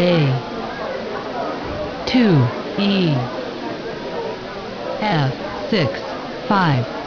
A two E F six five